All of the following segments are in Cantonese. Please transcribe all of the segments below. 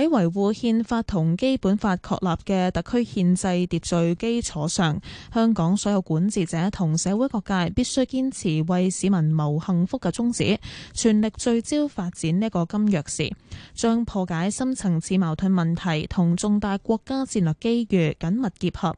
喺維護憲法同基本法確立嘅特區憲制秩序基礎上，香港所有管治者同社會各界必須堅持為市民謀幸福嘅宗旨，全力聚焦發展呢個金鑰匙，將破解深層次矛盾問題同重大國家戰略機遇緊密結合。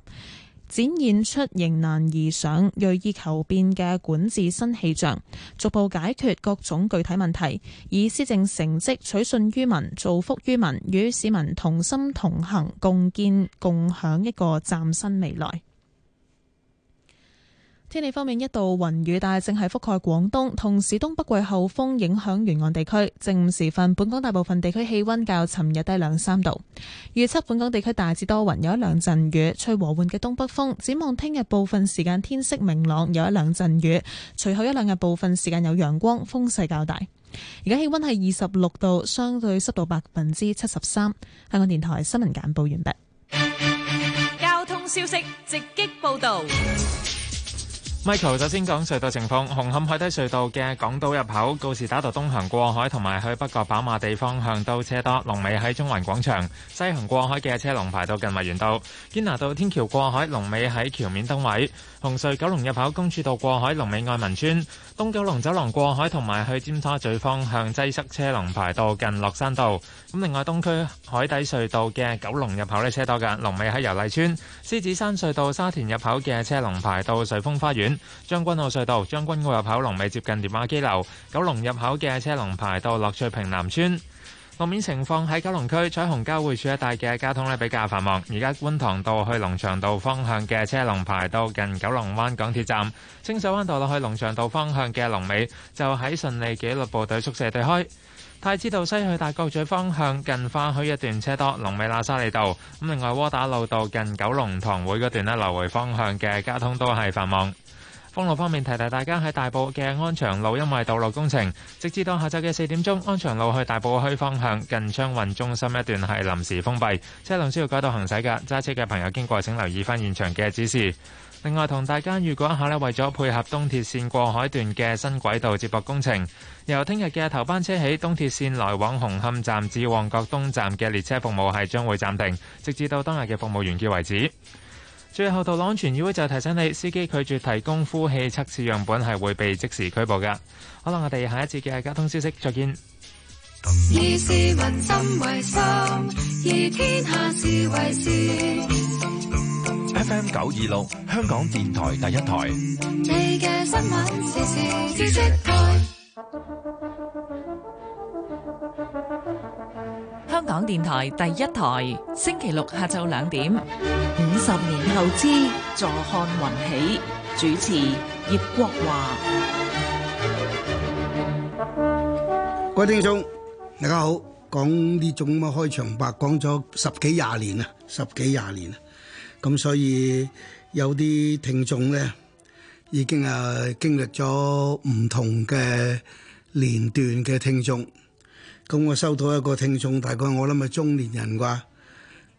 展現出迎難而上、銳意求變嘅管治新氣象，逐步解決各種具體問題，以施政成績取信於民，造福於民，與市民同心同行，共建共享一個嶄新未來。天氣方面，一道雲雨帶正係覆蓋廣東，同時東北季候風影響沿岸地區。正午時分，本港大部分地區氣溫較尋日低兩三度。預測本港地區大致多雲，有一兩陣雨，吹和緩嘅東北風。展望聽日部分時間天色明朗，有一兩陣雨，隨後一兩日部分時間有陽光，風勢較大。而家氣溫係二十六度，相對濕度百分之七十三。香港電台新聞簡報完畢。交通消息直擊報道。Michael 首先講隧道情況，紅磡海底隧道嘅港島入口告士打道東行過海同埋去北角跑馬地方向都車多，龍尾喺中環廣場；西行過海嘅車龍排到近維園道。堅拿道天橋過海，龍尾喺橋面燈位。紅隧九龍入口公主道過海，龍尾愛民村；東九龍走廊過海同埋去尖沙咀方向擠塞，車龍排到近落山道。咁另外東區海底隧道嘅九龍入口呢車多㗎，龍尾喺油麗村。獅子山隧道沙田入口嘅車龍排到瑞豐花園。將軍澳隧道將軍澳入口龍尾接近電話機樓，九龍入口嘅車龍排到樂翠平南村。路面情況喺九龍區彩虹交匯處一帶嘅交通咧比較繁忙。而家觀塘道去龍翔道方向嘅車龍排到近九龍灣港鐵站，清水灣道落去龍翔道方向嘅龍尾就喺順利紀律部隊宿舍對開。太子道西去大角咀方向近花墟一段車多，龍尾喇沙利道。咁另外窩打老道近九龍塘會嗰段咧，來回方向嘅交通都係繁忙。封路方面，提提大家喺大埔嘅安祥路，因為道路工程，直至到下晝嘅四點鐘，安祥路去大埔墟方向近昌運中心一段係臨時封閉，車輛需要改道行駛噶。揸車嘅朋友經過請留意翻現場嘅指示。另外同大家預告一下咧，為咗配合東鐵綫過海段嘅新軌道接駁工程，由聽日嘅頭班車起，東鐵綫來往紅磡站至旺角東站嘅列車服務係將會暫停，直至到當日嘅服務完結為止。最後，道路安全議會就提醒你，司機拒絕提供呼氣測試樣本係會被即時拘捕嘅。好啦，我哋下一次嘅交通消息再見。心心 F. M. 九二六，香港電台第一台。香港電台第一台，星期六下晝兩點。五十年後之，坐看雲起。主持葉國華。各位聽眾，大家好。講呢種咁嘅開場白，講咗十幾廿年啦，十幾廿年啦。咁所以有啲聽眾咧，已經啊經歷咗唔同嘅年段嘅聽眾。咁我收到一個聽眾，大概我諗係中年人啩，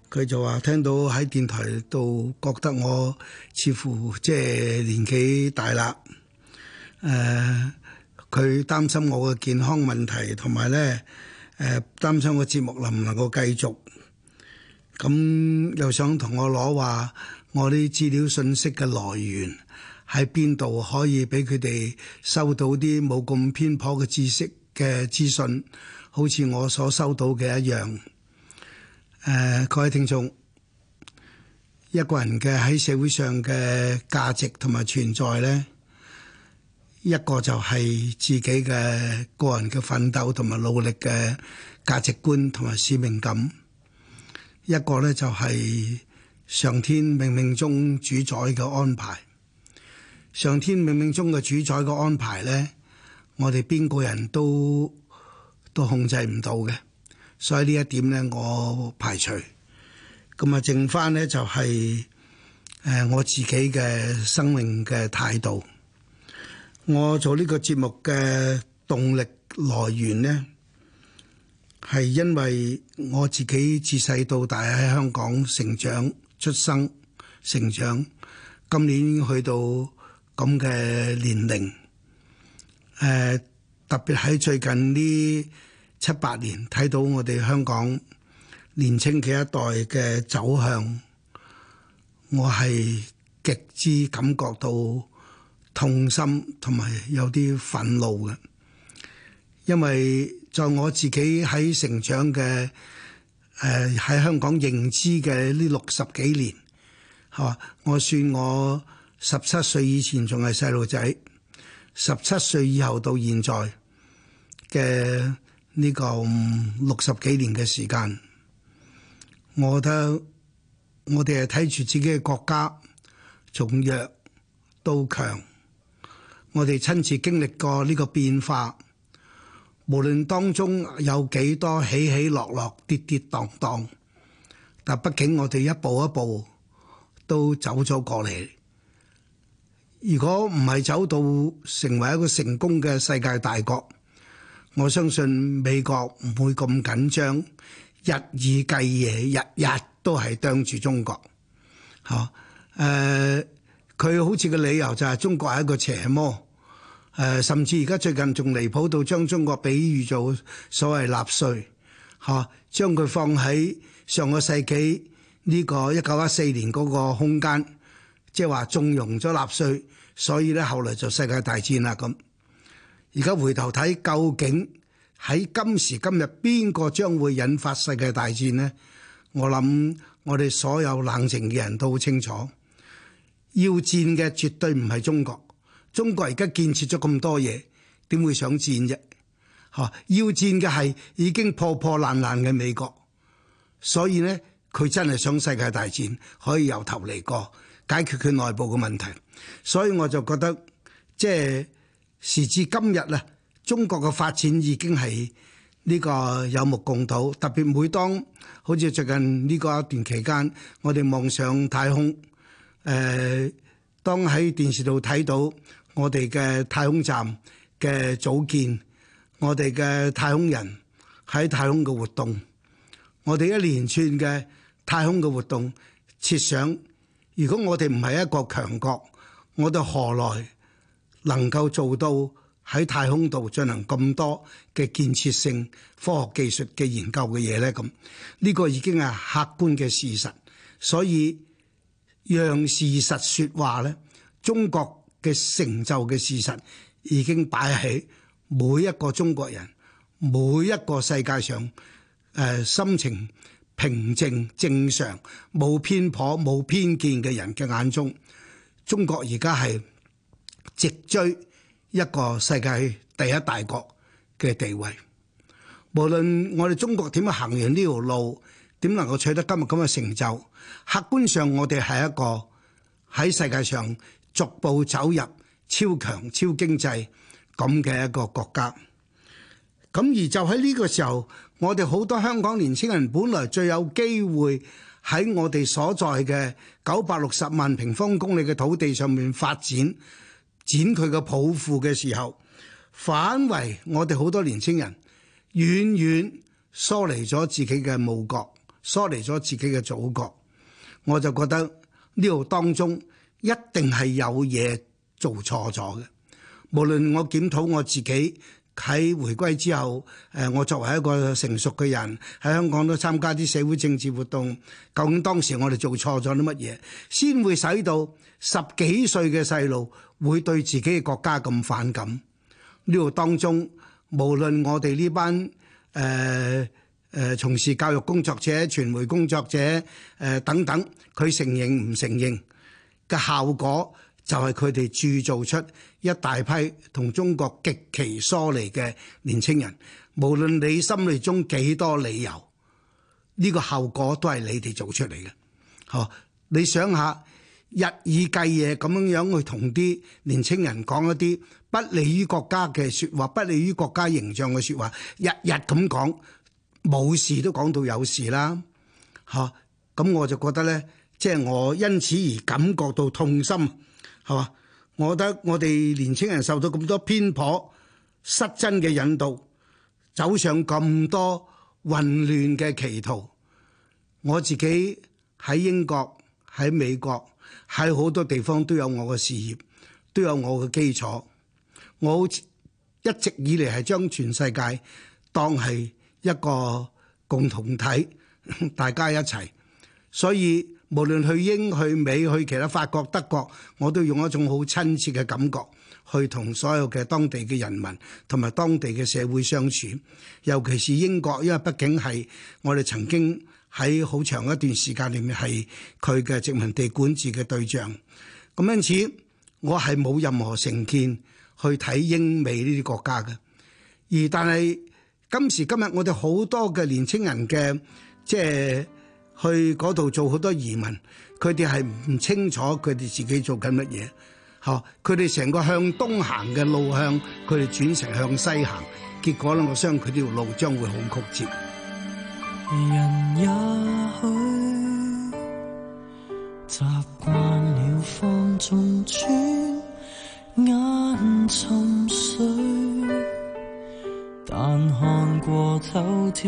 佢就話聽到喺電台度，覺得我似乎即係年紀大啦。誒、呃，佢擔心我嘅健康問題，同埋咧誒擔心我節目能唔能夠繼續。咁、嗯、又想同我攞話我啲資料信息嘅來源喺邊度，可以俾佢哋收到啲冇咁偏頗嘅知識嘅資訊。好似我所收到嘅一樣，誒、呃，各位聽眾，一個人嘅喺社會上嘅價值同埋存在呢，一個就係自己嘅個人嘅奮鬥同埋努力嘅價值觀同埋使命感，一個呢，就係上天冥冥中主宰嘅安排。上天冥冥中嘅主宰嘅安排呢，我哋邊個人都。都控制唔到嘅，所以呢一點呢我排除，咁啊剩翻呢就係誒我自己嘅生命嘅態度。我做呢個節目嘅動力來源呢，係因為我自己自細到大喺香港成長、出生、成長，今年去到咁嘅年齡，誒特別喺最近呢，七八年睇到我哋香港年青嘅一代嘅走向，我係極之感覺到痛心同埋有啲憤怒嘅，因為在我自己喺成長嘅誒喺香港認知嘅呢六十幾年，係我算我十七歲以前仲係細路仔，十七歲以後到現在嘅。呢個六十幾年嘅時間，我覺得我哋係睇住自己嘅國家從弱到強，我哋親自經歷過呢個變化，無論當中有幾多起起落落，跌跌蕩蕩，但畢竟我哋一步一步都走咗過嚟。如果唔係走到成為一個成功嘅世界大國。我相信美國唔會咁緊張，日以繼夜，日日都係釘住中國。嚇，誒、呃，佢好似個理由就係中國係一個邪魔，誒、呃，甚至而家最近仲離譜到將中國比喻做所謂納粹，嚇，將佢放喺上個世紀呢個一九一四年嗰個空間，即係話縱容咗納粹，所以咧後來就世界大戰啦咁。而家回頭睇，究竟喺今時今日邊個將會引發世界大戰呢？我諗我哋所有冷靜嘅人都好清楚，要戰嘅絕對唔係中國，中國而家建設咗咁多嘢，點會想戰啫？嚇，要戰嘅係已經破破爛爛嘅美國，所以呢佢真係想世界大戰可以由頭嚟過解決佢內部嘅問題，所以我就覺得即係。時至今日咧，中國嘅發展已經係呢個有目共睹，特別每當好似最近呢個一段期間，我哋望上太空，誒、呃，當喺電視度睇到我哋嘅太空站嘅組建，我哋嘅太空人喺太空嘅活動，我哋一連串嘅太空嘅活動，設想，如果我哋唔係一個強國，我哋何來，能夠做到喺太空度進行咁多嘅建設性科學技術嘅研究嘅嘢呢？咁呢個已經係客觀嘅事實。所以讓事實説話呢，中國嘅成就嘅事實已經擺喺每一個中國人、每一個世界上誒、呃、心情平靜正常、冇偏頗冇偏見嘅人嘅眼中，中國而家係直追一個世界第一大國嘅地位，無論我哋中國點樣行完呢條路，點能夠取得今日咁嘅成就？客觀上，我哋係一個喺世界上逐步走入超強超經濟咁嘅一個國家。咁而就喺呢個時候，我哋好多香港年輕人本來最有機會喺我哋所在嘅九百六十萬平方公里嘅土地上面發展。剪佢個抱負嘅時候，反為我哋好多年青人遠遠疏離咗自己嘅母國，疏離咗自己嘅祖國，我就覺得呢度當中一定係有嘢做錯咗嘅。無論我檢討我自己。喺回歸之後，誒我作為一個成熟嘅人，喺香港都參加啲社會政治活動。究竟當時我哋做錯咗啲乜嘢，先會使到十幾歲嘅細路會對自己嘅國家咁反感？呢度當中，無論我哋呢班誒誒、呃呃、從事教育工作者、傳媒工作者誒、呃、等等，佢承認唔承認嘅效果？就係佢哋製造出一大批同中國極其疏離嘅年輕人，無論你心裏中幾多理由，呢個後果都係你哋做出嚟嘅。嚇，你想下日以繼夜咁樣樣去同啲年輕人講一啲不利於國家嘅説話，不利於國家形象嘅説話，日日咁講，冇事都講到有事啦。嚇，咁我就覺得呢，即係我因此而感覺到痛心。係嘛？我覺得我哋年青人受到咁多偏頗、失真嘅引導，走上咁多混亂嘅歧途。我自己喺英國、喺美國、喺好多地方都有我嘅事業，都有我嘅基礎。我一直以嚟係將全世界當係一個共同體，大家一齊，所以，無論去英，去美，去其他法國德國，我都用一種好親切嘅感覺去同所有嘅當地嘅人民同埋當地嘅社會相處。尤其是英國，因為畢竟係我哋曾經喺好長一段時間裏面係佢嘅殖民地管治嘅對象。咁因此，我係冇任何成見去睇英美呢啲國家嘅。而但係今時今日我，我哋好多嘅年青人嘅即係。去嗰度做好多移民，佢哋係唔清楚佢哋自己做緊乜嘢，吓，佢哋成個向東行嘅路向，佢哋轉成向西行，結果咧，我相信佢條路將會好曲折。人也許習慣了放縱，轉眼沉睡，但看過頭條。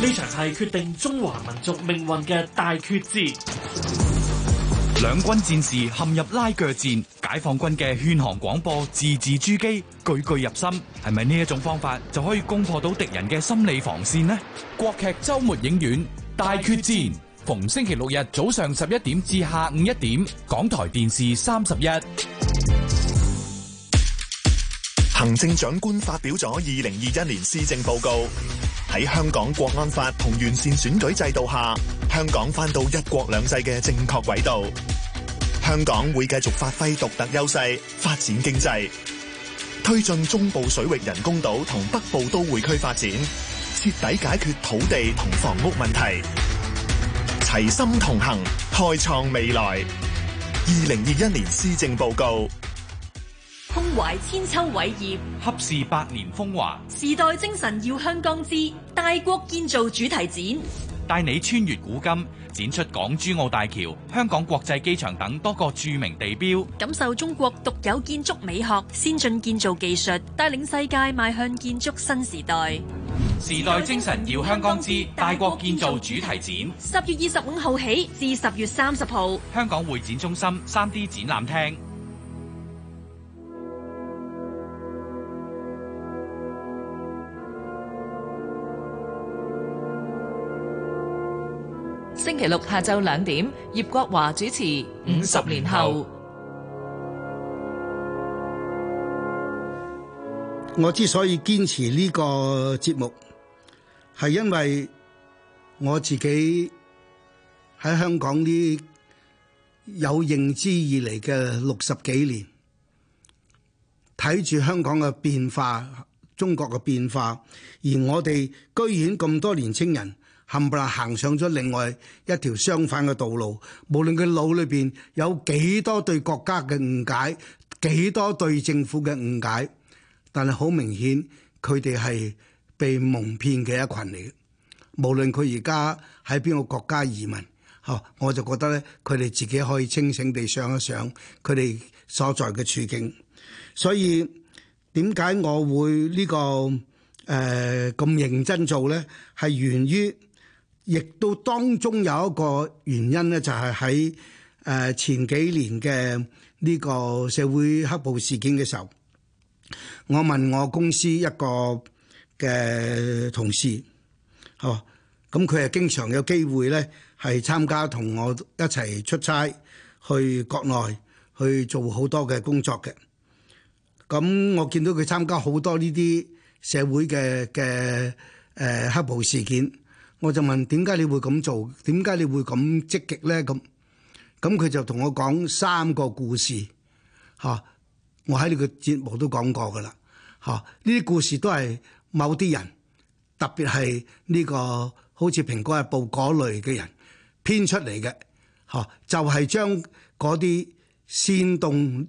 呢場係決定中華民族命運嘅大決戰，兩軍戰士陷入拉鋸戰，解放軍嘅勸降廣播字字珠璣，句句入心。係咪呢一種方法就可以攻破到敵人嘅心理防線呢？國劇週末影院《大決戰》，逢星期六日早上十一點至下午一點，港台電視三十一。行政長官發表咗二零二一年施政報告。喺香港國安法同完善選舉制度下，香港返到一國兩制嘅正確軌道。香港會繼續發揮獨特優勢，發展經濟，推進中部水域人工島同北部都會區發展，徹底解決土地同房屋問題。齊心同行，開創未來。二零二一年施政報告。胸懷千秋偉業，恰是百年風華。時代精神耀香江之大國建造主題展，帶你穿越古今，展出港珠澳大橋、香港國際機場等多個著名地標，感受中國獨有建築美學、先進建造技術，帶領世界邁向建築新時代。時代精神耀香江之大國建造主題展，十月二十五號起至十月三十號，香港會展中心三 D 展覽廳。星期六下晝兩點，葉國華主持《五十年後》。我之所以堅持呢個節目，係因為我自己喺香港呢有認知以嚟嘅六十幾年，睇住香港嘅變化、中國嘅變化，而我哋居然咁多年青人。冚唪唥行上咗另外一條相反嘅道路，無論佢腦裏邊有幾多對國家嘅誤解，幾多對政府嘅誤解，但係好明顯佢哋係被蒙騙嘅一群嚟嘅。無論佢而家喺邊個國家移民，呵，我就覺得咧，佢哋自己可以清醒地想一想佢哋所在嘅處境。所以點解我會呢個誒咁、呃、認真做咧？係源於。亦都當中有一個原因咧，就係喺誒前幾年嘅呢個社會黑暴事件嘅時候，我問我公司一個嘅同事，哦，咁佢係經常有機會咧，係參加同我一齊出差去國內去做好多嘅工作嘅。咁我見到佢參加好多呢啲社會嘅嘅誒黑暴事件。我就問點解你會咁做？點解你會咁積極咧？咁咁佢就同我講三個故事，嚇、啊！我喺你個節目都講過㗎喇，嚇、啊！呢啲故事都係某啲人，特別係呢、這個好似蘋果日報嗰類嘅人編出嚟嘅，嚇、啊！就係、是、將嗰啲煽動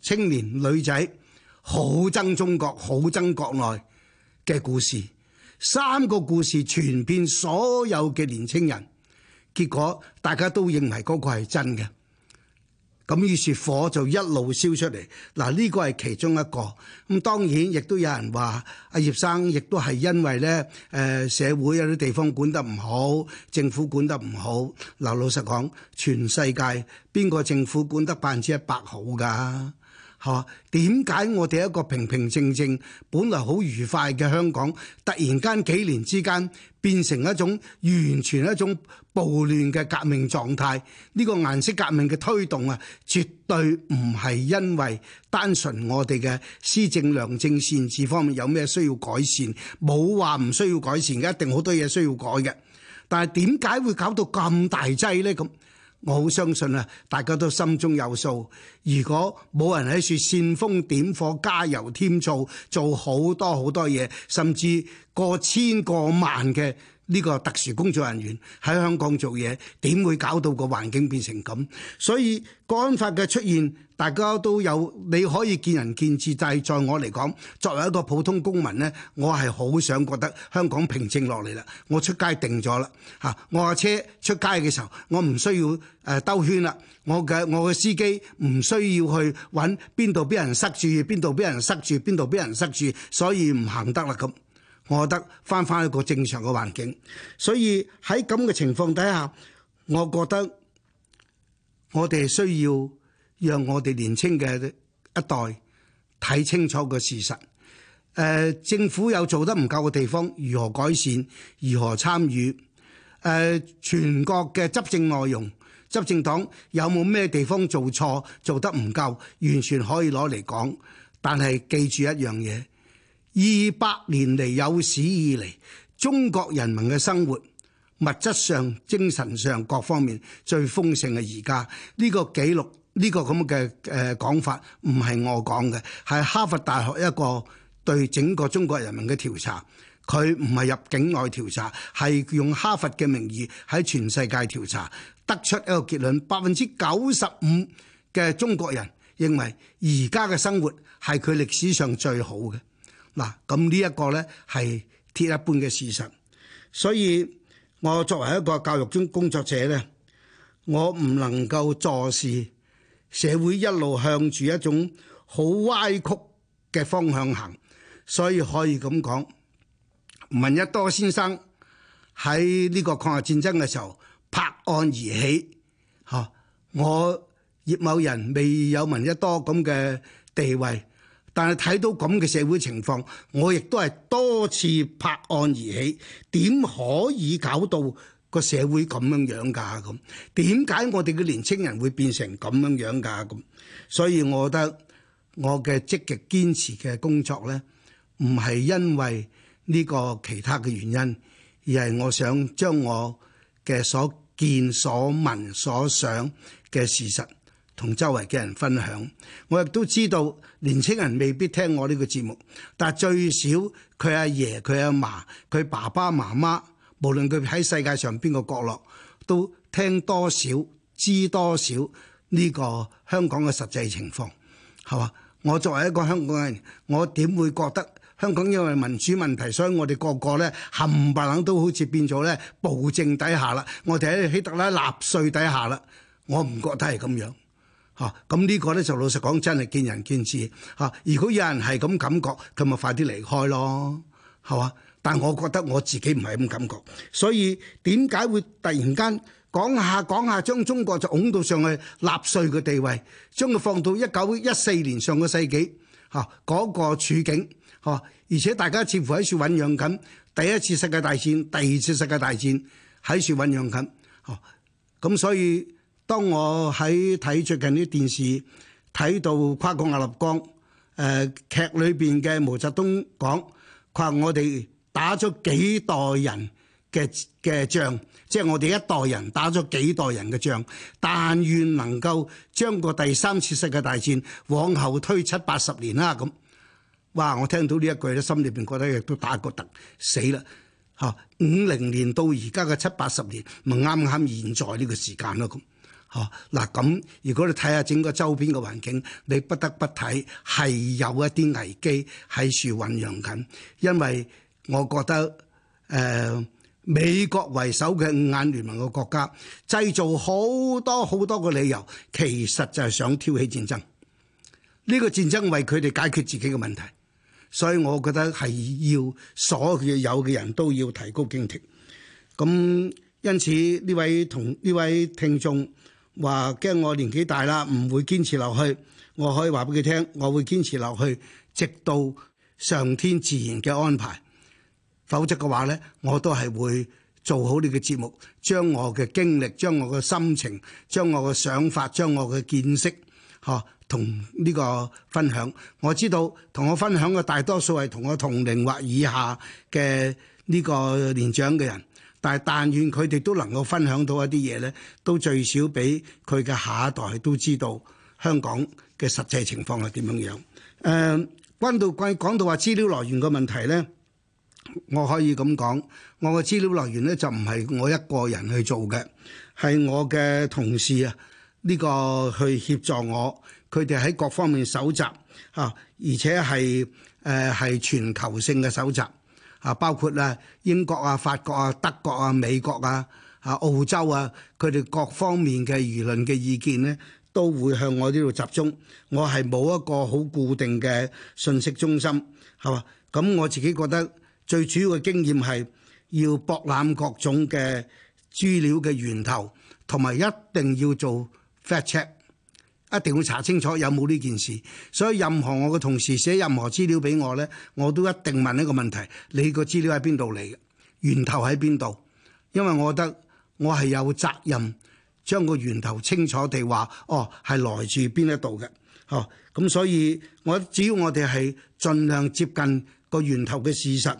青年女仔好憎中國、好憎國內嘅故事。三個故事傳遍所有嘅年青人，結果大家都認為嗰個係真嘅，咁於是火就一路燒出嚟。嗱，呢個係其中一個，咁當然亦都有人話阿葉生亦都係因為呢誒社會有啲地方管得唔好，政府管得唔好。嗱，老實講，全世界邊個政府管得百分之一百好噶？係嘛？點解、啊、我哋一個平平靜靜、本來好愉快嘅香港，突然間幾年之間變成一種完全一種暴亂嘅革命狀態？呢個顏色革命嘅推動啊，絕對唔係因為單純我哋嘅施政良政善治方面有咩需要改善，冇話唔需要改善嘅，一定好多嘢需要改嘅。但係點解會搞到咁大劑呢？咁？我好相信啊，大家都心中有數。如果冇人喺處煽風點火、加油添醋，做好多好多嘢，甚至過千過萬嘅。呢個特殊工作人員喺香港做嘢，點會搞到個環境變成咁？所以《國安法》嘅出現，大家都有你可以見仁見智，但係在我嚟講，作為一個普通公民呢，我係好想覺得香港平靜落嚟啦。我出街定咗啦，嚇我架車出街嘅時候，我唔需要誒兜圈啦。我嘅我嘅司機唔需要去揾邊度俾人塞住，邊度俾人塞住，邊度俾人塞住，所以唔行得啦咁。我覺得返返一個正常嘅環境，所以喺咁嘅情況底下，我覺得我哋需要讓我哋年青嘅一代睇清楚個事實。誒，政府有做得唔夠嘅地方，如何改善，如何參與？誒，全國嘅執政內容，執政黨有冇咩地方做錯，做得唔夠，完全可以攞嚟講。但係記住一樣嘢。二百年嚟有史以來，中國人民嘅生活，物質上、精神上各方面最豐盛嘅。而家呢個記錄呢、呢個咁嘅誒講法唔係我講嘅，係哈佛大學一個對整個中國人民嘅調查。佢唔係入境外調查，係用哈佛嘅名義喺全世界調查，得出一個結論：百分之九十五嘅中國人認為而家嘅生活係佢歷史上最好嘅。嗱，咁呢一個呢係鐵一般嘅事實，所以我作為一個教育中工作者呢，我唔能夠坐視社會一路向住一種好歪曲嘅方向行，所以可以咁講，聞一多先生喺呢個抗日戰爭嘅時候拍案而起，嚇我葉某人未有聞一多咁嘅地位。但係睇到咁嘅社會情況，我亦都係多次拍案而起，點可以搞到個社會咁樣樣㗎咁？點解我哋嘅年輕人會變成咁樣樣㗎咁？所以，我覺得我嘅積極堅持嘅工作呢，唔係因為呢個其他嘅原因，而係我想將我嘅所見、所聞、所想嘅事實。同周圍嘅人分享，我亦都知道年青人未必聽我呢個節目，但最少佢阿爺，爺、佢阿嫲、佢爸爸媽媽，無論佢喺世界上邊個角落，都聽多少、知多少呢個香港嘅實際情況，係嘛？我作為一個香港人，我點會覺得香港因為民主問題，所以我哋個個呢冚唪唥都好似變咗呢暴政底下啦，我哋喺希特拉納稅底下啦，我唔覺得係咁樣。啊，咁呢個咧就老實講，真係見仁見智。啊，如果有人係咁感覺，佢咪快啲離開咯，係嘛？但係我覺得我自己唔係咁感覺，所以點解會突然間講下講下，將中國就拱到上去納粹嘅地位，將佢放到一九一四年上個世紀嚇嗰個處境，嚇，而且大家似乎喺處醖釀緊第一次世界大戰、第二次世界大戰喺處醖釀緊，嚇，咁所以。當我喺睇最近啲電視，睇到跨國《跨過鴨綠江》誒劇裏邊嘅毛澤東講，佢話我哋打咗幾代人嘅嘅仗，即係我哋一代人打咗幾代人嘅仗，但願能夠將個第三次世界大戰往後推七八十年啦咁。哇！我聽到呢一句咧，心裏邊覺得亦都打個突死啦吓，五零年到而家嘅七八十年，咪啱啱現在呢個時間咯咁。嗱咁、啊，如果你睇下整個周邊嘅環境，你不得不睇係有一啲危機喺處醖釀緊。因為我覺得誒、呃、美國為首嘅五眼聯盟嘅國家製造好多好多嘅理由，其實就係想挑起戰爭。呢、呢個戰爭為佢哋解決自己嘅問題，所以我覺得係要所有嘅人都要提高警惕。咁因此呢位同呢位聽眾。話驚我年紀大啦，唔會堅持落去。我可以話俾佢聽，我會堅持落去，直到上天自然嘅安排。否則嘅話呢，我都係會做好你嘅節目，將我嘅經歷、將我嘅心情、將我嘅想法、將我嘅見識，嗬，同呢個分享。我知道同我分享嘅大多數係同我同齡或以下嘅呢個年長嘅人。但係，但願佢哋都能夠分享到一啲嘢呢，都最少俾佢嘅下一代都知道香港嘅實際情況係點樣樣。誒、呃，君度貴講到話資料來源嘅問題呢，我可以咁講，我嘅資料來源呢就唔係我一個人去做嘅，係我嘅同事啊呢、呢個去協助我，佢哋喺各方面搜集吓、啊，而且係誒係全球性嘅搜集。啊，包括啦，英國啊、法國啊、德國啊、美國啊、啊澳洲啊，佢哋各方面嘅輿論嘅意見咧，都會向我呢度集中。我係冇一個好固定嘅信息中心，係嘛？咁我自己覺得最主要嘅經驗係要博覽各種嘅資料嘅源頭，同埋一定要做 fact check。一定要查清楚有冇呢件事，所以任何我嘅同事寫任何資料俾我呢，我都一定問一個問題，你個資料喺邊度嚟嘅？源頭喺邊度？因為我覺得我係有責任將個源頭清楚地話，哦係來自邊一度嘅，呵咁所以我只要我哋係盡量接近個源頭嘅事實，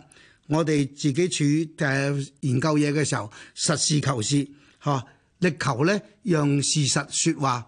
我哋自己處誒研究嘢嘅時候，實事求是，吓，力求呢讓事實說話。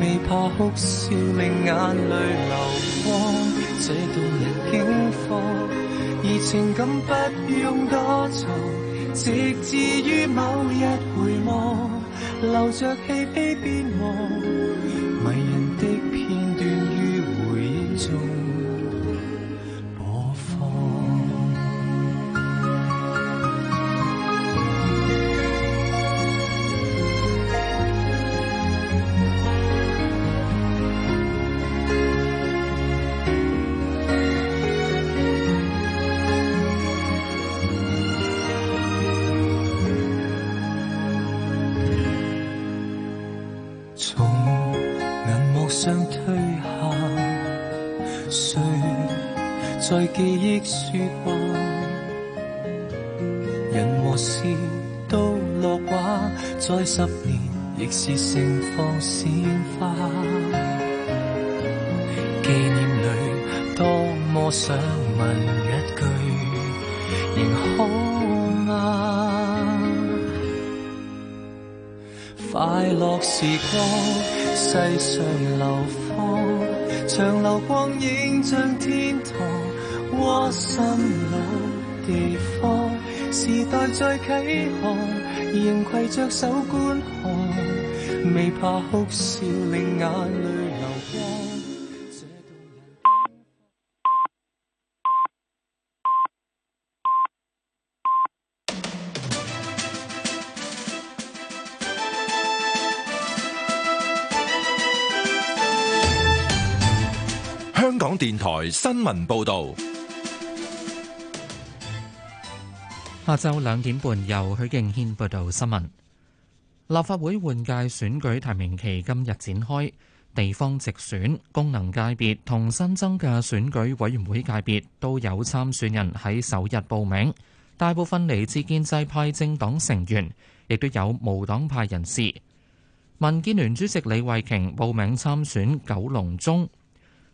未怕哭笑令眼淚流過，這動人景況，而情感不用多藏，直至於某日回望，留着喜悲邊忘，迷人的片段於回憶中。在記憶說話，人和事都落掛，再十年亦是盛放鮮花。紀念裏多麼想問一句，仍好嗎，啊？快樂時光，世上流芳，長流光影像天堂。我心老地方，時代在啟航，仍攜着手觀看，未怕哭笑令眼淚流光。香港電台新聞報道。下晝兩點半，由許敬軒報道新聞。立法會換屆選舉提名期今日展開，地方直選、功能界別同新增嘅選舉委員會界別都有參選人喺首日報名。大部分嚟自建制派政黨成員，亦都有無黨派人士。民建聯主席李慧瓊，報名參選九龍中，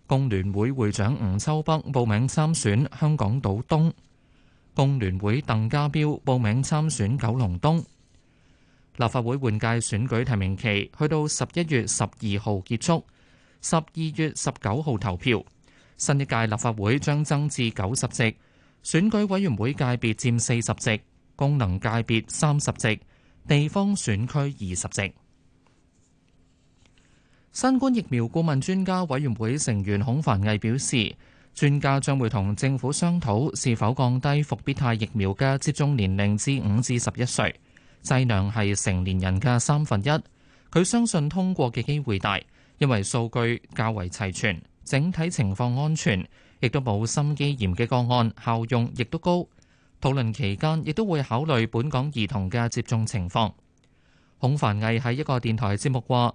工聯會會長吳秋北報名參選香港島東。工聯會鄧家彪報名參選九龍東。立法會換屆選舉提名期去到十一月十二號結束，十二月十九號投票。新一屆立法會將增至九十席，選舉委員會界別佔四十席，功能界別三十席，地方選區二十席。新冠疫苗顧問專家委員會成員孔凡毅表示。專家將會同政府商討是否降低復必泰疫苗嘅接種年齡至五至十一歲，劑量係成年人嘅三分一。佢相信通過嘅機會大，因為數據較為齊全，整體情況安全，亦都冇心肌炎嘅個案，效用亦都高。討論期間亦都會考慮本港兒童嘅接種情況。孔繁毅喺一個電台節目話：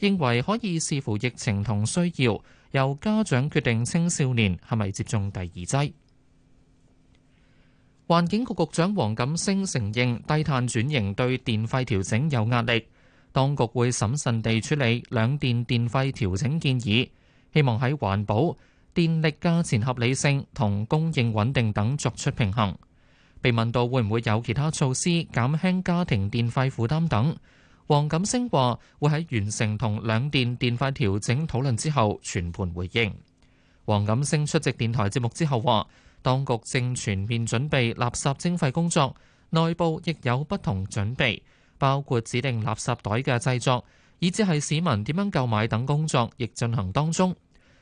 認為可以視乎疫情同需要，由家長決定青少年係咪接種第二劑。環境局局長黃錦星承認低碳轉型對電費調整有壓力，當局會審慎地處理兩電電費調整建議，希望喺環保、電力價錢合理性同供應穩定等作出平衡。被問到會唔會有其他措施減輕家庭電費負擔等。黃錦星話：會喺完成同兩電電費調整討論之後，全盤回應。黃錦星出席電台節目之後話：當局正全面準備垃圾徵費工作，內部亦有不同準備，包括指定垃圾袋嘅製作，以至係市民點樣購買等工作，亦進行當中。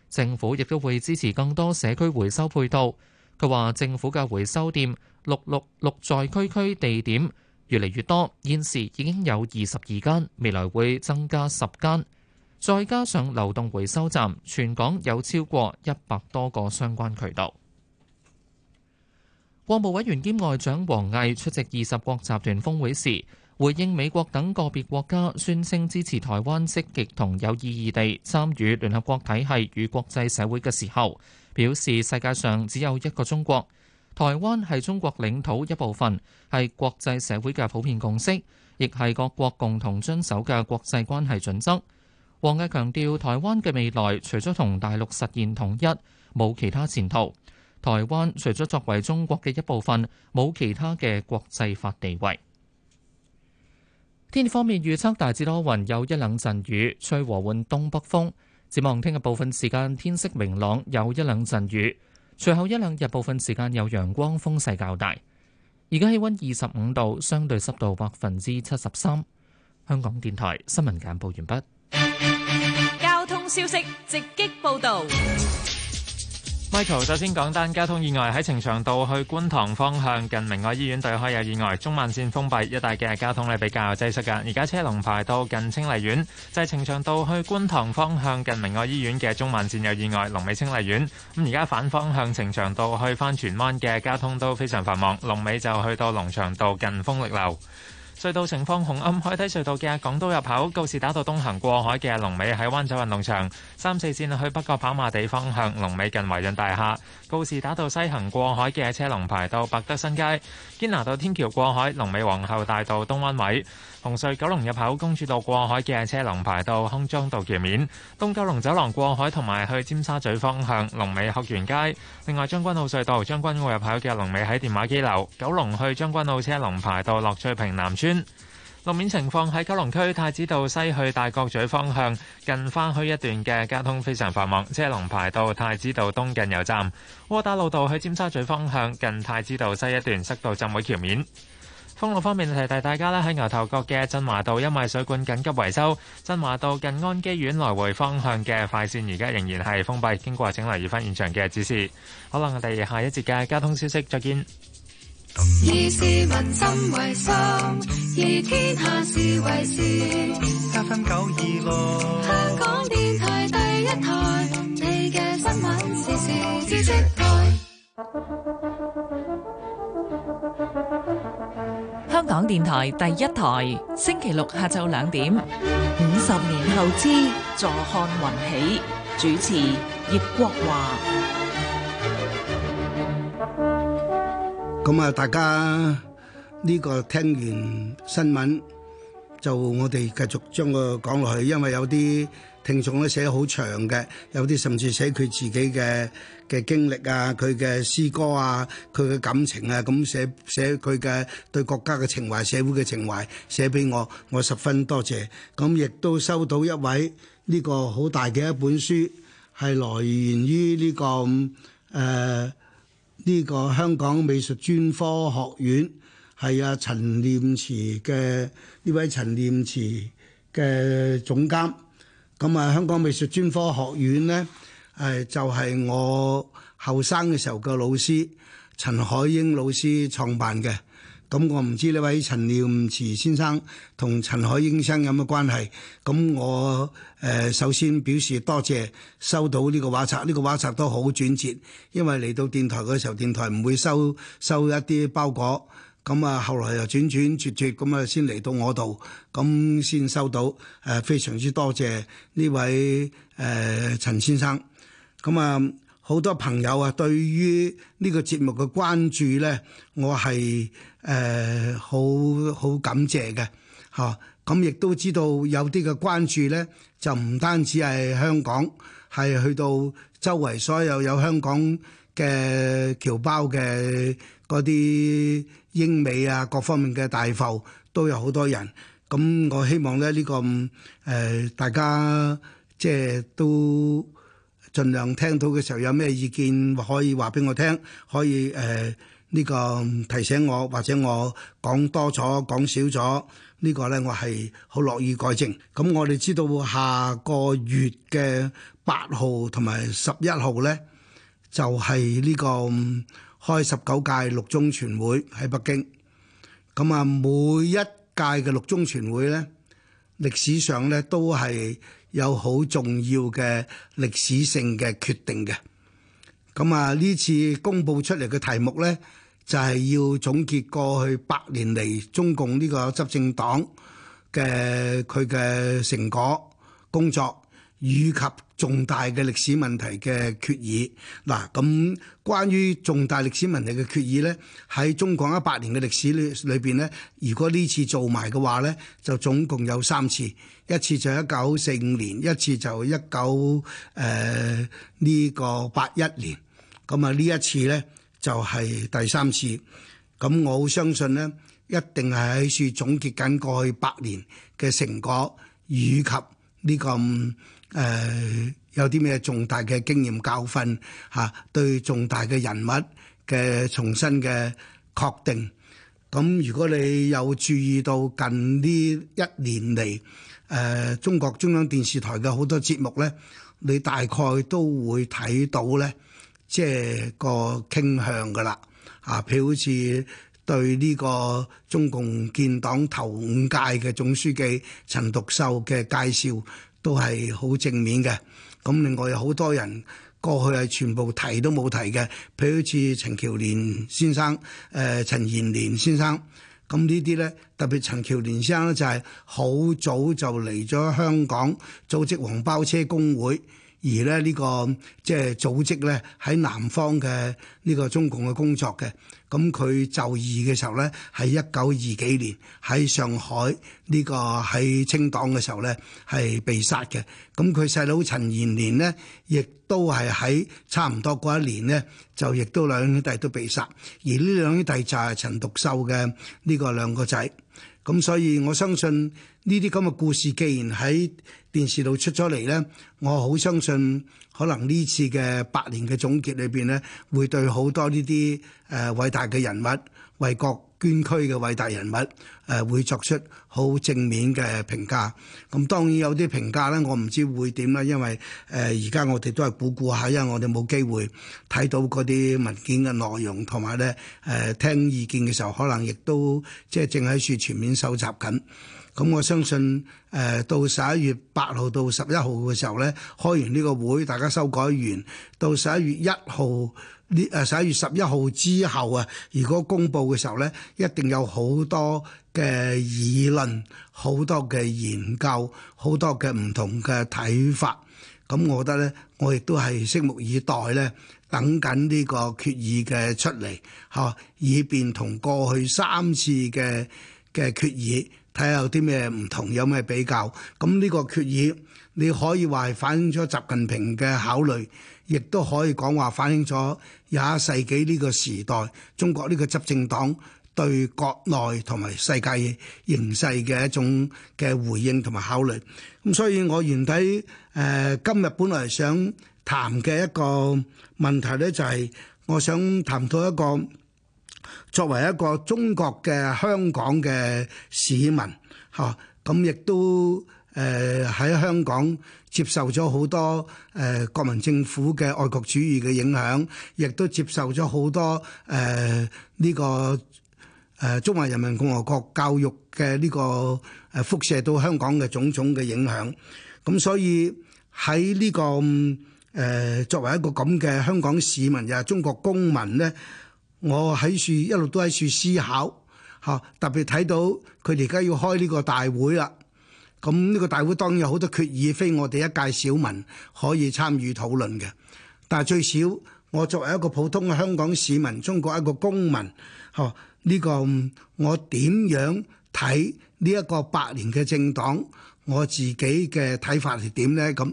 政府亦都會支持更多社區回收配套。佢話：政府嘅回收店六六六在區區地點。越嚟越多，現時已經有二十二間，未來會增加十間，再加上流動回收站，全港有超過一百多個相關渠道。國務委員兼外長王毅出席二十國集團峰會時，回應美國等個別國家宣稱支持台灣積極同有意義地參與聯合國體系與國際社會嘅時候，表示世界上只有一個中國，台灣係中國領土一部分，係國際社會嘅普遍共識，亦係各國共同遵守嘅國際關係準則。王毅強調，台灣嘅未來除咗同大陸實現統一，冇其他前途。台灣除咗作為中國嘅一部分，冇其他嘅國際法地位。天氣方面預測，大致多雲，有一兩陣雨，吹和緩東北風。展望聽日部分時間，天色明朗，有一兩陣雨。隨後一兩日部分時間有陽光，風勢較大。而家氣溫二十五度，相對濕度百分之七十三。香港電台新聞簡報完畢。交通消息直擊報道。Michael 首先講單交通意外，喺呈祥道去觀塘方向近明愛醫院對開有意外，中慢線封閉，一帶嘅交通係比較擠塞㗎，而家車龍排到近清麗苑。就係呈祥道去觀塘方向近明愛醫院嘅中慢線有意外，龍尾清麗苑。咁而家反方向呈祥道去翻荃灣嘅交通都非常繁忙，龍尾就去到龍翔道近豐力樓。隧道情況紅暗，海底隧道嘅港島入口告士打道東行過海嘅龍尾喺灣仔運動場，三四線去北角跑馬地方向龍尾近維駿大廈，告士打道西行過海嘅車龍排到百德新街堅拿道天橋過海龍尾皇后大道東彎位。紅隧九龍入口公主道過海嘅車龍排到康莊道橋面，東九龍走廊過海同埋去尖沙咀方向龍尾鶴園街。另外將軍澳隧道將軍澳入口嘅龍尾喺電話機樓，九龍去將軍澳車龍排到樂翠平南村。路面情況喺九龍區太子道西去大角咀方向近花墟一段嘅交通非常繁忙，車龍排到太子道東近油站。窩打老道去尖沙咀方向近太子道西一段塞到浸會橋面。公路方面提提大家咧，喺牛頭角嘅振華道因為水管緊急維修，振華道近安基苑來回方向嘅快綫而家仍然係封閉，經過請留意翻現場嘅指示。好啦，我哋下一節嘅交通消息再見。以市民心為心，以天下事為事，七分九二六，香港電台第一台，你嘅新聞時時知識台。港電台第一台，星期六下晝兩點。五十年後之，坐看雲起。主持葉國華。咁啊，大家呢個聽完新聞，就我哋繼續將個講落去，因為有啲。聽眾咧寫好長嘅，有啲甚至寫佢自己嘅嘅經歷啊，佢嘅詩歌啊，佢嘅感情啊，咁寫寫佢嘅對國家嘅情懷、社會嘅情懷，寫俾我，我十分多謝。咁亦都收到一位呢個好大嘅一本書，係來源於呢、這個誒呢、呃這個香港美術專科學院，係阿、啊、陳念慈嘅呢位陳念慈嘅總監。咁啊，香港美術專科學院呢，誒，就係、是、我後生嘅時候嘅老師陳海英老師創辦嘅。咁我唔知呢位陳念慈先生同陳海英生有咩關係？咁我誒，首先表示多謝收到呢個畫冊，呢、這個畫冊都好轉折，因為嚟到電台嘅時候，電台唔會收收一啲包裹。咁啊，後來又轉轉折折，咁啊先嚟到我度，咁先收到，誒非常之多謝呢位誒陳先生。咁啊，好多朋友啊，對於呢個節目嘅關注呢，我係誒好好感謝嘅，嚇。咁亦都知道有啲嘅關注呢，就唔單止係香港，係去到周圍所有有香港嘅僑胞嘅嗰啲英美啊，各方面嘅大埠都有好多人。咁我希望咧呢、這個誒、呃、大家即係都儘量聽到嘅時候有咩意見可以話俾我聽，可以誒呢、呃這個提醒我，或者我講多咗、講少咗、這個、呢個咧，我係好樂意改正。咁我哋知道下個月嘅八號同埋十一號咧。就係呢個開十九屆六中全會喺北京，咁啊每一屆嘅六中全會呢，歷史上呢都係有好重要嘅歷史性嘅決定嘅。咁啊呢次公佈出嚟嘅題目呢，就係要總結過去百年嚟中共呢個執政黨嘅佢嘅成果工作，以及重大嘅歷史問題嘅決議嗱，咁、啊、關於重大歷史問題嘅決議呢，喺中共一百年嘅歷史裏裏邊呢，如果呢次做埋嘅話呢，就總共有三次，一次就一九四五年，一次就一九誒呢個八一年，咁啊呢一次呢就係、是、第三次，咁、啊、我相信呢，一定係喺處總結緊過去百年嘅成果，以及呢、呢個。誒、呃、有啲咩重大嘅經驗教訓嚇、啊，對重大嘅人物嘅重新嘅確定。咁、啊、如果你有注意到近呢一年嚟，誒、啊、中國中央電視台嘅好多節目呢，你大概都會睇到呢，即、就、係、是、個傾向㗎喇。啊，譬如好似對呢個中共建黨頭五屆嘅總書記陳獨秀嘅介紹。都係好正面嘅，咁另外有好多人過去係全部提都冇提嘅，譬如好似陳喬年先生、誒、呃、陳延年先生，咁呢啲咧特別陳喬年先生咧就係好早就嚟咗香港組織黃包車工會，而咧、這、呢個即係、就是、組織咧喺南方嘅呢個中共嘅工作嘅。咁佢就義嘅時候咧，係一九二幾年喺上海呢個喺清黨嘅時候咧，係被殺嘅。咁佢細佬陳延年呢，亦都係喺差唔多嗰一年呢，就亦都兩兄弟都被殺。而呢兩兄弟就係陳獨秀嘅呢個兩個仔。咁所以我相信呢啲咁嘅故事，既然喺電視度出咗嚟咧，我好相信。可能呢次嘅八年嘅總結裏邊咧，會對好多呢啲誒偉大嘅人物、為國捐軀嘅偉大人物，誒會作出好正面嘅評價。咁當然有啲評價咧，我唔知會點啦，因為誒而家我哋都係估估下，因為我哋冇機會睇到嗰啲文件嘅內容，同埋咧誒聽意見嘅時候，可能亦都即係正喺處全面收集緊。咁我相信誒、呃，到十一月八號到十一號嘅時候咧，開完呢個會，大家修改完，到十一月一號，呢誒十一月十一號之後啊，如果公布嘅時候咧，一定有好多嘅議論，好多嘅研究，好多嘅唔同嘅睇法。咁我覺得咧，我亦都係拭目以待咧，等緊呢個決議嘅出嚟，吓，以便同過去三次嘅嘅決議。睇下有啲咩唔同，有咩比較？咁呢個決議，你可以話係反映咗習近平嘅考慮，亦都可以講話反映咗廿一世紀呢個時代，中國呢個執政黨對國內同埋世界形勢嘅一種嘅回應同埋考慮。咁所以，我原本誒、呃、今日本來想談嘅一個問題呢、就係，就係我想談到一個。作為一個中國嘅香港嘅市民，嚇咁亦都誒喺、呃、香港接受咗好多誒、呃、國民政府嘅愛國主義嘅影響，亦都接受咗好多誒呢、呃、呢個誒、呃、中華人民共和國教育嘅呢個誒輻射到香港嘅種種嘅影響。咁、啊、所以喺呢、呢個誒、呃、作為一個咁嘅香港市民又係中國公民咧。我喺處一路都喺處思考，嚇，特別睇到佢哋而家要開呢個大會啦。咁呢個大會當然有好多決議，非我哋一介小民可以參與討論嘅。但係最少，我作為一個普通嘅香港市民、中國一個公民，嚇、這、呢個我點樣睇呢一個百年嘅政黨？我自己嘅睇法係點呢？咁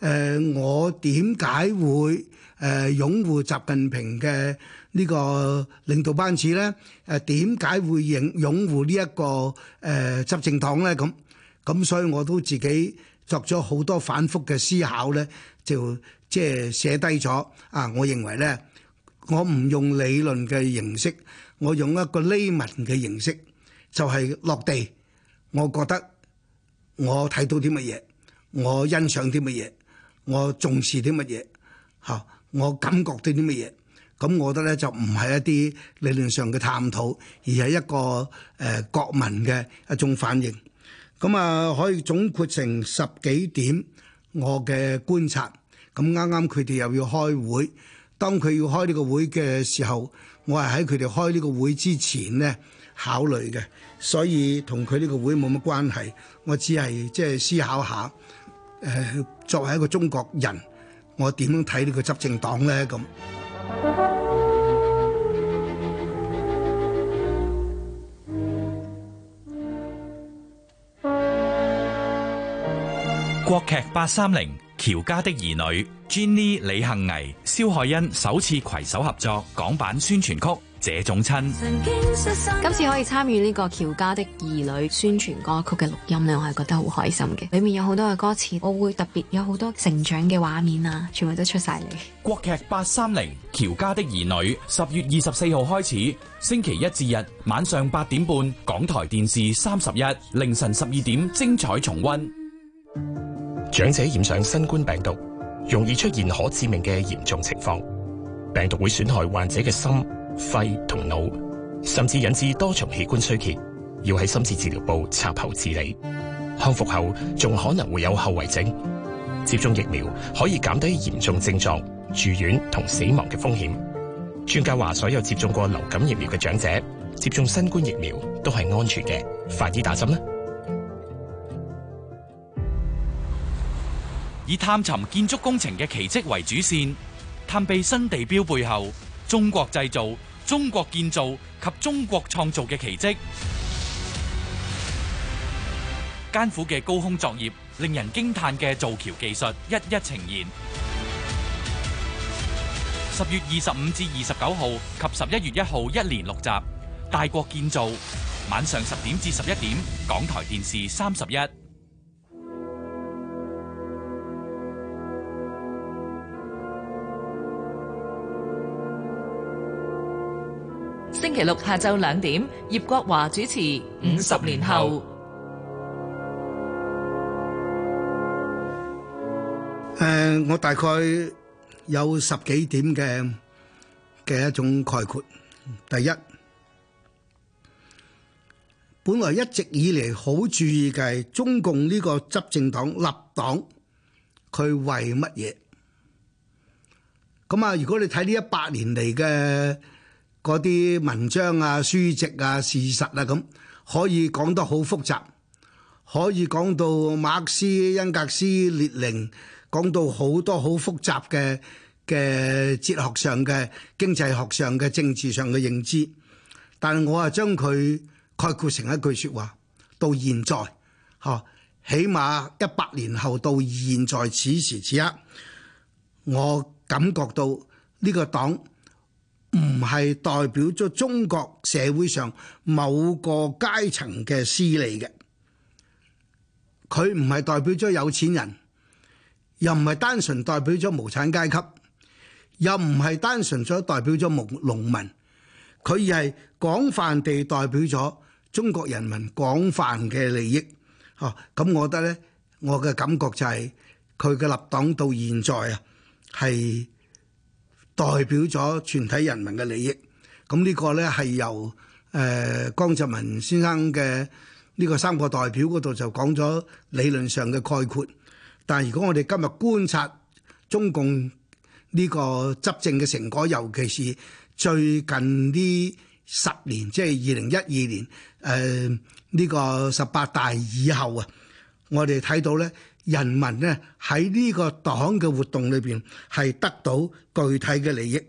誒，我點解會？誒擁護習近平嘅呢個領導班子咧，誒點解會擁擁護呢一個誒執政黨咧？咁咁所以我都自己作咗好多反覆嘅思考咧，就即係寫低咗。啊，我認為咧，我唔用理論嘅形式，我用一個匿文嘅形式，就係落地。我覺得我睇到啲乜嘢，我欣賞啲乜嘢，我重視啲乜嘢，嚇。我感覺到啲乜嘢，咁我覺得咧就唔係一啲理論上嘅探討，而係一個誒、呃、國民嘅一種反應。咁啊，可以總括成十幾點我嘅觀察。咁啱啱佢哋又要開會，當佢要開呢個會嘅時候，我係喺佢哋開呢個會之前咧考慮嘅，所以同佢呢個會冇乜關係。我只係即係思考下，誒、呃、作為一個中國人。我點樣睇呢個執政黨呢？咁國劇八三零喬家的兒女，Jennie 李杏毅、蕭海欣首次攜手合作港版宣傳曲。謝仲親今次可以參與呢個喬家的兒女宣傳歌曲嘅錄音咧，我係覺得好開心嘅。裏面有好多嘅歌詞，我會特別有好多成長嘅畫面啊，全部都出晒嚟。國劇八三零《喬家的兒女》，十月二十四號開始，星期一至日晚上八點半，港台電視三十一，凌晨十二點精彩重溫。長者染上新冠病毒，容易出現可致命嘅嚴重情況，病毒會損害患者嘅心。肺同腦，甚至引致多重器官衰竭，要喺深切治療部插喉治理。康復後仲可能會有後遺症。接種疫苗可以減低嚴重症狀、住院同死亡嘅風險。專家話，所有接種過流感疫苗嘅長者接種新冠疫苗都係安全嘅。快啲打針啦！以探尋建築工程嘅奇蹟為主線，探秘新地標背後。中國製造、中國建造及中國創造嘅奇迹，艱苦嘅高空作業，令人驚嘆嘅造橋技術一一呈現。十月二十五至二十九號及十一月一號，一連六集《大國建造》，晚上十點至十一點，港台電視三十一。星期六下晝兩點，葉國華主持《五十年後》。誒，我大概有十幾點嘅嘅一種概括。第一，本來一直以嚟好注意嘅係中共呢個執政黨立黨，佢為乜嘢？咁啊，如果你睇呢一百年嚟嘅。嗰啲文章啊、書籍啊、事實啊咁，可以講得好複雜，可以講到馬克思、恩格斯、列寧，講到好多好複雜嘅嘅哲學上嘅、經濟學上嘅、政治上嘅認知。但我啊將佢概括成一句説話，到現在吓，起碼一百年後到現在此時此刻，我感覺到呢個黨，唔係代表咗中國社會上某個階層嘅私利嘅，佢唔係代表咗有錢人，又唔係單純代表咗無產階級，又唔係單純咗代表咗農農民，佢而係廣泛地代表咗中國人民廣泛嘅利益。哦，咁我覺得呢，我嘅感覺就係佢嘅立黨到現在啊，係。代表咗全體人民嘅利益，咁呢個呢，係由誒江澤民先生嘅呢個三個代表嗰度就講咗理論上嘅概括，但係如果我哋今日觀察中共呢個執政嘅成果，尤其是最近呢十年，即係二零一二年誒呢個十八大以後啊，我哋睇到呢。人民呢喺呢個黨嘅活動裏邊係得到具體嘅利益，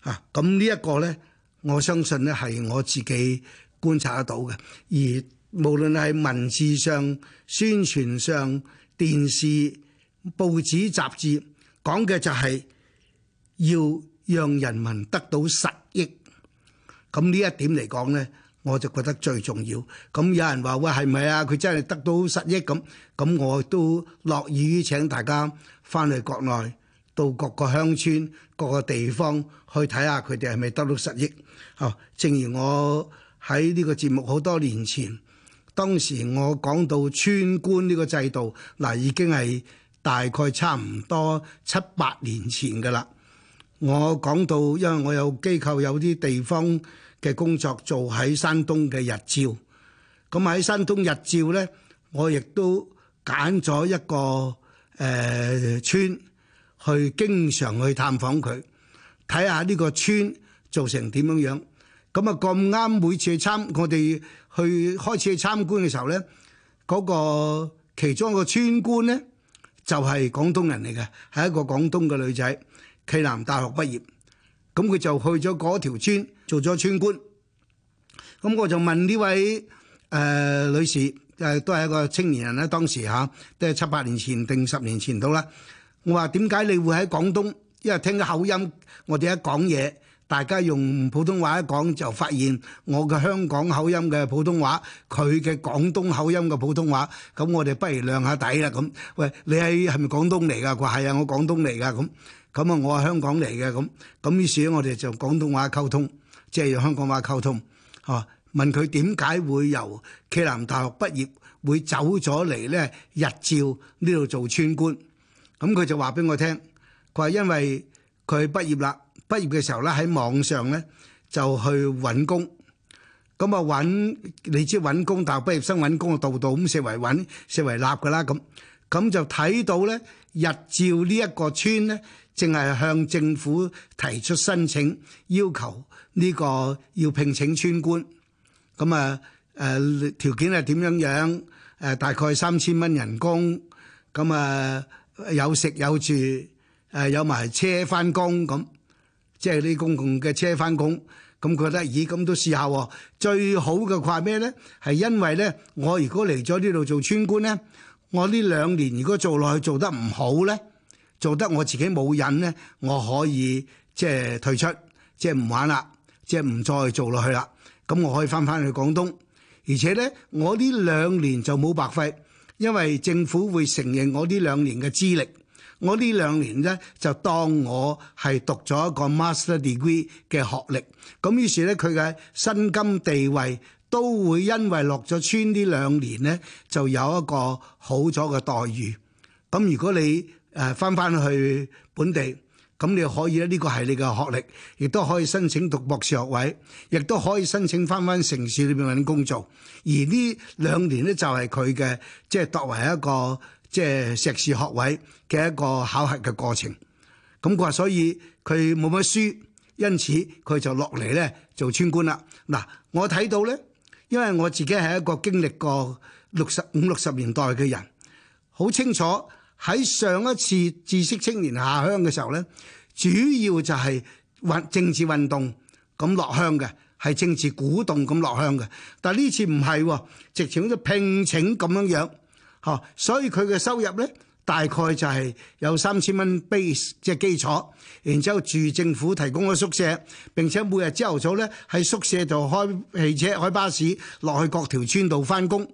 啊咁呢一個呢，我相信呢係我自己觀察得到嘅。而無論係文字上、宣傳上、電視、報紙、雜誌講嘅就係要讓人民得到實益。咁呢一點嚟講呢。我就覺得最重要。咁有人話喂，係咪係啊？佢真係得到實益咁咁，我都樂意請大家翻去國內，到各個鄉村、各個地方去睇下佢哋係咪得到實益。正如我喺呢個節目好多年前，當時我講到村官呢個制度，嗱已經係大概差唔多七八年前㗎啦。我講到，因為我有機構有啲地方嘅工作做喺山東嘅日照，咁喺山東日照咧，我亦都揀咗一個誒村去經常去探訪佢，睇下呢個村做成點樣樣。咁啊，咁啱每次去參我哋去開始去參觀嘅時候咧，嗰個其中一個村官咧就係廣東人嚟嘅，係一個廣東嘅女仔，暨南大學畢業。咁佢就去咗嗰條村。做咗村官，咁我就問呢位誒女士誒，都係一個青年人咧。當時吓，即係七八年前定十年前到啦。我話點解你會喺廣東？因為聽咗口音，我哋一講嘢，大家用普通話一講就發現我嘅香港口音嘅普通話，佢嘅廣東口音嘅普通話，咁我哋不如晾下底啦。咁，喂，你係係咪廣東嚟㗎？佢話係啊，我廣東嚟㗎。咁，咁啊，我係香港嚟嘅。咁，咁於是咧，我哋就廣東話溝通。即係用香港話溝通，嚇問佢點解會由暨南大學畢業，會走咗嚟咧日照呢度做村官？咁佢就話俾我聽，佢話因為佢畢業啦，畢業嘅時候咧喺網上咧就去揾工，咁啊揾你知揾工，大學畢業生揾工嘅道道咁四圍揾四圍揦噶啦咁，咁就睇到咧日照呢一個村咧。正係向政府提出申請，要求呢個要聘請村官。咁啊，誒條件係點樣樣？誒大概三千蚊人工。咁啊，有食有住，誒有埋車翻工咁，即係啲公共嘅車翻工。咁佢覺得，咦，咁都試下喎。最好嘅話咩咧？係因為咧，我如果嚟咗呢度做村官咧，我呢兩年如果做落去做得唔好咧。做得我自己冇癮呢，我可以即係退出，即係唔玩啦，即係唔再做落去啦。咁我可以翻返去廣東。而且呢，我呢兩年就冇白費，因為政府會承認我呢兩年嘅資歷，我呢兩年呢就當我係讀咗一個 master degree 嘅學歷，咁於是呢，佢嘅薪金地位都會因為落咗村呢兩年呢就有一個好咗嘅待遇。咁如果你誒翻翻去本地，咁你可以，呢個係你嘅學歷，亦都可以申請讀博士學位，亦都可以申請翻翻城市裏邊揾工作。而呢兩年呢，就係佢嘅，即係作為一個即係碩士學位嘅一個考核嘅過程。咁佢話，所以佢冇乜書，因此佢就落嚟呢做村官啦。嗱，我睇到呢，因為我自己係一個經歷過六十五六十年代嘅人，好清楚。喺上一次知識青年下鄉嘅時候咧，主要就係運政治運動咁落鄉嘅，係政治鼓動咁落鄉嘅。但呢次唔係，直情好似聘請咁樣樣，所以佢嘅收入呢，大概就係有三千蚊 base 即係基礎。然之後住政府提供嘅宿舍，並且每日朝頭早呢，喺宿舍度開汽車、開巴士落去各條村度翻工。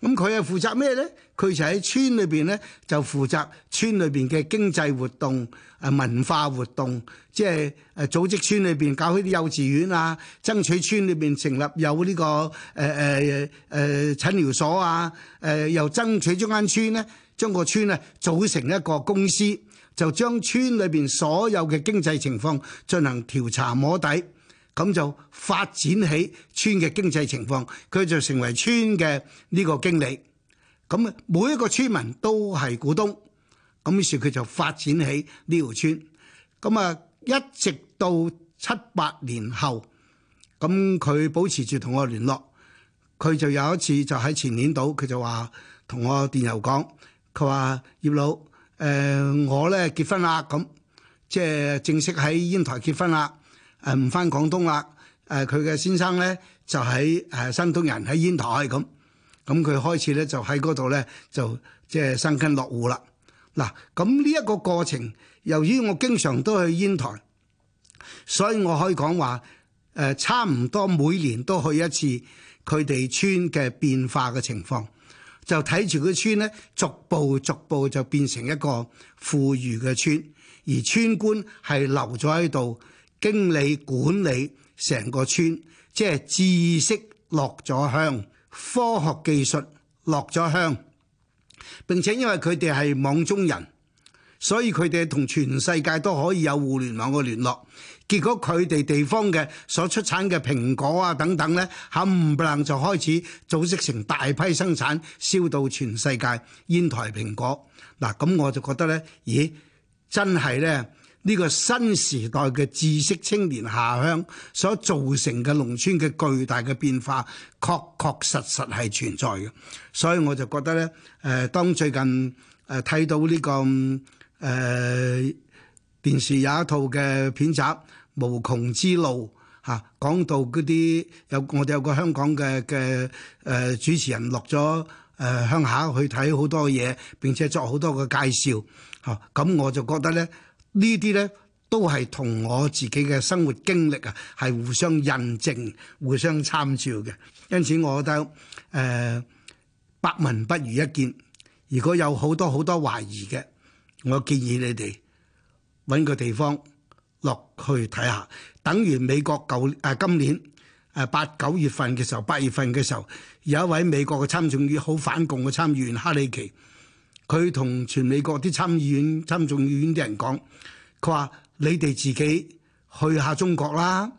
咁佢又負責咩呢？佢就喺村裏邊呢，就負責村裏邊嘅經濟活動、誒文化活動，即係誒組織村裏邊搞起啲幼稚園啊，爭取村裏邊成立有呢個誒誒誒診療所啊，誒、呃、又爭取中間村呢，將個村呢組,組成一個公司，就將村裏邊所有嘅經濟情況進行調查摸底。咁就發展起村嘅經濟情況，佢就成為村嘅呢個經理。咁每一個村民都係股東。咁於是佢就發展起呢條村。咁啊，一直到七八年後，咁佢保持住同我聯絡。佢就有一次就喺前年度，佢就話同我電郵講，佢話葉老，誒我咧結婚啦，咁即係正式喺煙台結婚啦。唔翻廣東啦，誒佢嘅先生呢就喺誒山東人喺煙台咁，咁佢開始呢就喺嗰度呢，就即係生根落戶啦。嗱，咁呢一個過程，由於我經常都去煙台，所以我可以講話誒差唔多每年都去一次佢哋村嘅變化嘅情況，就睇住個村呢逐步逐步就變成一個富裕嘅村，而村官係留咗喺度。經理管理成個村，即係知識落咗鄉，科學技術落咗鄉。並且因為佢哋係網中人，所以佢哋同全世界都可以有互聯網嘅聯絡。結果佢哋地方嘅所出產嘅蘋果啊等等呢，冚唪唥就開始組織成大批生產，銷到全世界。煙台蘋果嗱，咁我就覺得呢，咦，真係呢。呢個新時代嘅知識青年下鄉所造成嘅農村嘅巨大嘅變化，確確實實係存在嘅。所以我就覺得呢誒、呃、當最近誒睇到呢、呢個誒、呃、電視有一套嘅片集《無窮之路》嚇，講、啊、到嗰啲有我哋有個香港嘅嘅誒主持人落咗誒鄉下去睇好多嘢，並且作好多嘅介紹嚇，咁、啊、我就覺得呢。呢啲呢都係同我自己嘅生活經歷啊，係互相印證、互相參照嘅。因此，我覺得誒、呃、百聞不如一見。如果有好多好多懷疑嘅，我建議你哋揾個地方落去睇下。等於美國舊誒、呃、今年誒八九月份嘅時候，八月份嘅時候有一位美國嘅參眾議好反共嘅參議員哈里奇。佢同全美國啲參議院、參眾議院啲人講，佢話：你哋自己去下中國啦，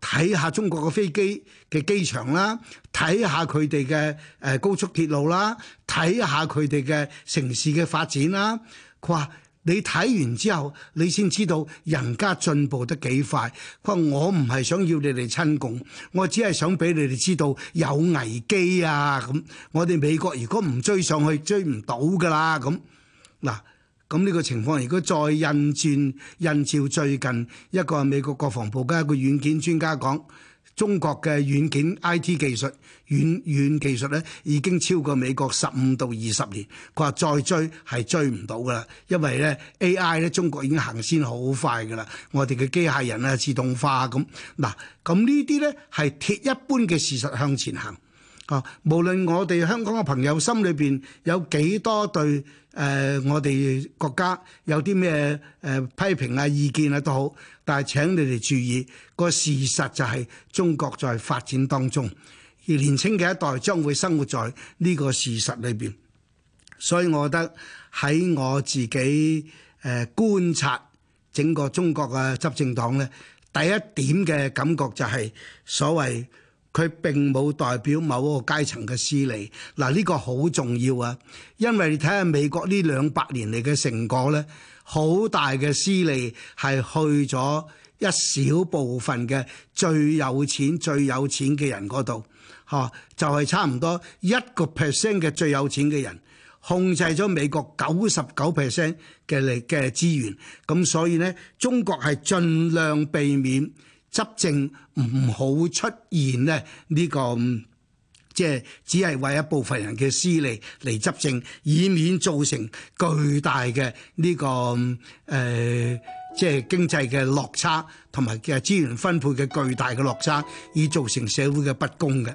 睇下中國嘅飛機嘅機場啦，睇下佢哋嘅誒高速鐵路啦，睇下佢哋嘅城市嘅發展啦，佢話。你睇完之後，你先知道人家進步得幾快。佢話我唔係想要你哋親共，我只係想俾你哋知道有危機啊！咁，我哋美國如果唔追上去，追唔到㗎喇咁。嗱，咁呢個情況如果再印轉印照最近一個美國國防部嘅一個軟件專家講。中國嘅軟件 IT 技術、軟軟技術咧已經超過美國十五到二十年。佢話再追係追唔到噶啦，因為咧 AI 咧中國已經行先好快噶啦。我哋嘅機械人啊、自動化咁嗱，咁呢啲咧係鐵一般嘅事實向前行。哦，無論我哋香港嘅朋友心裏邊有幾多對誒、呃，我哋國家有啲咩誒批評啊意見啊都好，但係請你哋注意個事實就係中國在發展當中，而年輕嘅一代將會生活在呢個事實裏邊。所以我覺得喺我自己誒、呃、觀察整個中國嘅執政黨呢，第一點嘅感覺就係所謂。佢並冇代表某一個階層嘅私利，嗱、這、呢個好重要啊！因為你睇下美國呢兩百年嚟嘅成果咧，好大嘅私利係去咗一小部分嘅最有錢、最有錢嘅人嗰度，嚇就係、是、差唔多一個 percent 嘅最有錢嘅人控制咗美國九十九 percent 嘅力嘅資源，咁所以咧中國係盡量避免。執政唔好出現咧呢個，即係只係為一部分人嘅私利嚟執政，以免造成巨大嘅呢個誒，即係經濟嘅落差，同埋嘅資源分配嘅巨大嘅落差，以造成社會嘅不公嘅。